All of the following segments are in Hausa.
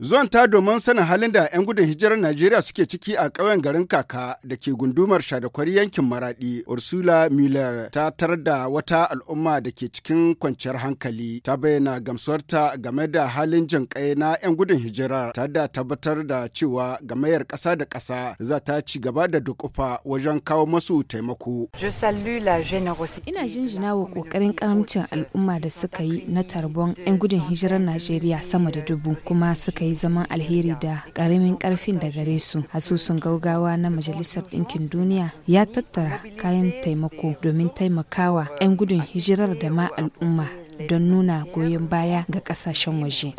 Zuwan ta domin sanin halin da 'yan gudun hijirar Najeriya suke ciki a ƙauyen garin Kaka da ke gundumar Shadakwari yankin maraɗi Ursula Miller ta tar da wata al'umma da ke cikin kwanciyar hankali. Ta bayyana gamsuwarta game da halin jin kai na 'yan gudun hijirar, ta da tabbatar da cewa gamayar ƙasa da ƙasa za ta ci gaba da dukufa wajen kawo masu taimako. Ina jinjina wa ƙoƙarin karamcin al'umma da suka yi na tarbon 'yan gudun hijirar Najeriya sama da dubu kuma suka yi yi zaman alheri da karamin karfin da gare su. Asusun gaugawa na Majalisar Ɗinkin Duniya ya tattara kayan taimako domin taimakawa 'yan gudun hijirar da ma al'umma don nuna goyon baya ga kasashen waje.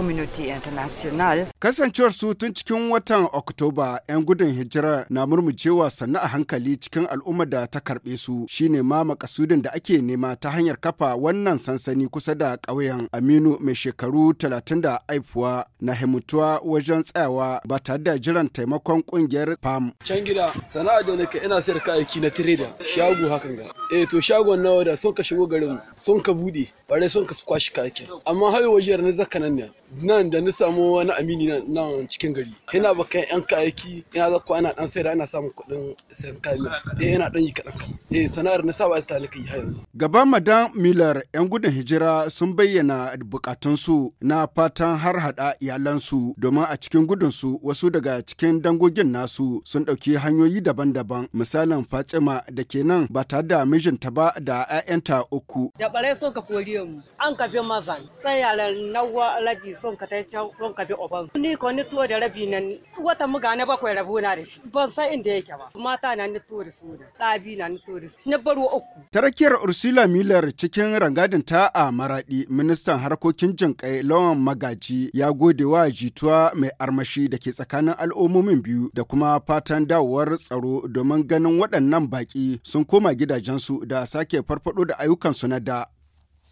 Kasancewar su tun cikin watan Oktoba 'yan gudun hijira na murmucewa sannu a hankali cikin al'ummar da ta karɓe su shine ma makasudin da ake nema ta hanyar kafa wannan sansani kusa da ƙauyen Aminu mai shekaru 30 da aifuwa na himutuwa wajen tsayawa ba tare da jiran taimakon ƙungiyar PAM. Can gida sana'a da nake ina sayar kayayyaki na tireda shago hakan ga. Eh to shagon nawa da sun ka shigo garin sun ka bude bare sun ka kwashe kwashi amma hayo wajiyar ne zaka nan ne nan da ni samu wani amini nan cikin gari ina kai yan kayaki ina za ku ana dan sayar ina samun kuɗin sayan kayan eh ina dan yi kaɗan kaɗan eh sana'ar na saba ta nika yi har gaban madan miller yan gudun hijira sun bayyana bukatunsu na fatan har hada iyalansu domin a cikin gudunsu wasu daga cikin dangogin nasu sun ɗauki hanyoyi daban-daban misalin fatima da ke nan ba tare da mijinta ba da 'ya'yanta uku da bare sun ka koriye mu an kafe mazan sai yaran nawa ladi son ka tai can son ka bi oban ni ko ni tuwo da rabi nan wata muga na bakwai rabu na da shi ban san inda yake ba mata na ni tuwo da su da ɗabi na ni tuwo da su na baro uku tarakiyar ursula miller cikin rangadin ta a maradi ministan harkokin jinkai lawan magaji ya gode wa jituwa mai armashi da ke tsakanin al'ummomin biyu da kuma fatan dawowar tsaro domin ganin waɗannan baƙi sun koma gidajensu da sake farfado da ayyukansu na da